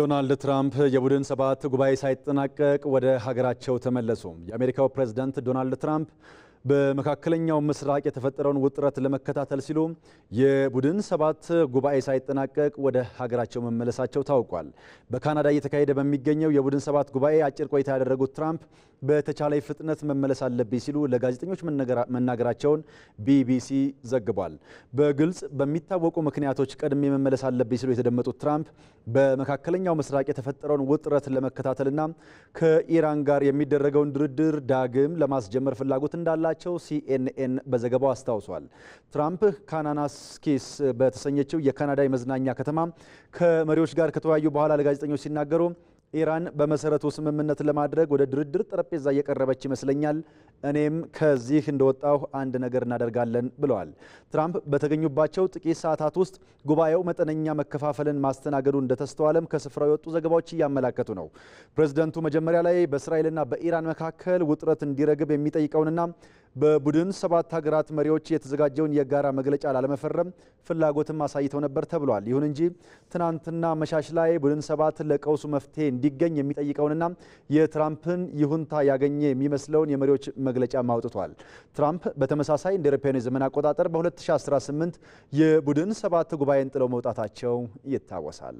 ዶናልድ ትራምፕ የቡድን ሰባት ጉባኤ ሳይጠናቀቅ ወደ ሀገራቸው ተመለሱ። የአሜሪካው ፕሬዝደንት ዶናልድ ትራምፕ በመካከለኛው ምስራቅ የተፈጠረውን ውጥረት ለመከታተል ሲሉ የቡድን ሰባት ጉባኤ ሳይጠናቀቅ ወደ ሀገራቸው መመለሳቸው ታውቋል። በካናዳ እየተካሄደ በሚገኘው የቡድን ሰባት ጉባኤ አጭር ቆይታ ያደረጉት ትራምፕ በተቻለ ፍጥነት መመለስ አለብኝ ሲሉ ለጋዜጠኞች መናገራቸውን ቢቢሲ ዘግቧል። በግልጽ በሚታወቁ ምክንያቶች ቀድሜ መመለስ አለብኝ ሲሉ የተደመጡት ትራምፕ በመካከለኛው ምስራቅ የተፈጠረውን ውጥረት ለመከታተልና ከኢራን ጋር የሚደረገውን ድርድር ዳግም ለማስጀመር ፍላጎት እንዳላቸው መሆናቸው ሲኤንኤን በዘገባው አስታውሷል። ትራምፕ ካናናስኪስ በተሰኘችው የካናዳ የመዝናኛ ከተማ ከመሪዎች ጋር ከተወያዩ በኋላ ለጋዜጠኞች ሲናገሩ ኢራን በመሰረቱ ስምምነት ለማድረግ ወደ ድርድር ጠረጴዛ እየቀረበች ይመስለኛል። እኔም ከዚህ እንደወጣሁ አንድ ነገር እናደርጋለን ብለዋል። ትራምፕ በተገኙባቸው ጥቂት ሰዓታት ውስጥ ጉባኤው መጠነኛ መከፋፈልን ማስተናገዱ እንደተስተዋለም ከስፍራው የወጡ ዘገባዎች እያመላከቱ ነው። ፕሬዝደንቱ መጀመሪያ ላይ በእስራኤልና በኢራን መካከል ውጥረት እንዲረግብ የሚጠይቀውንና በቡድን ሰባት ሀገራት መሪዎች የተዘጋጀውን የጋራ መግለጫ ላለመፈረም ፍላጎትም አሳይተው ነበር ተብሏል። ይሁን እንጂ ትናንትና መሻሽ ላይ ቡድን ሰባት ለቀውሱ መፍትሄ እንዲገኝ የሚጠይቀውንና የትራምፕን ይሁንታ ያገኘ የሚመስለውን የመሪዎች መግለጫ አውጥቷል። ትራምፕ በተመሳሳይ እንደ አውሮፓውያን የዘመን አቆጣጠር በ2018 የቡድን ሰባት ጉባኤን ጥለው መውጣታቸው ይታወሳል።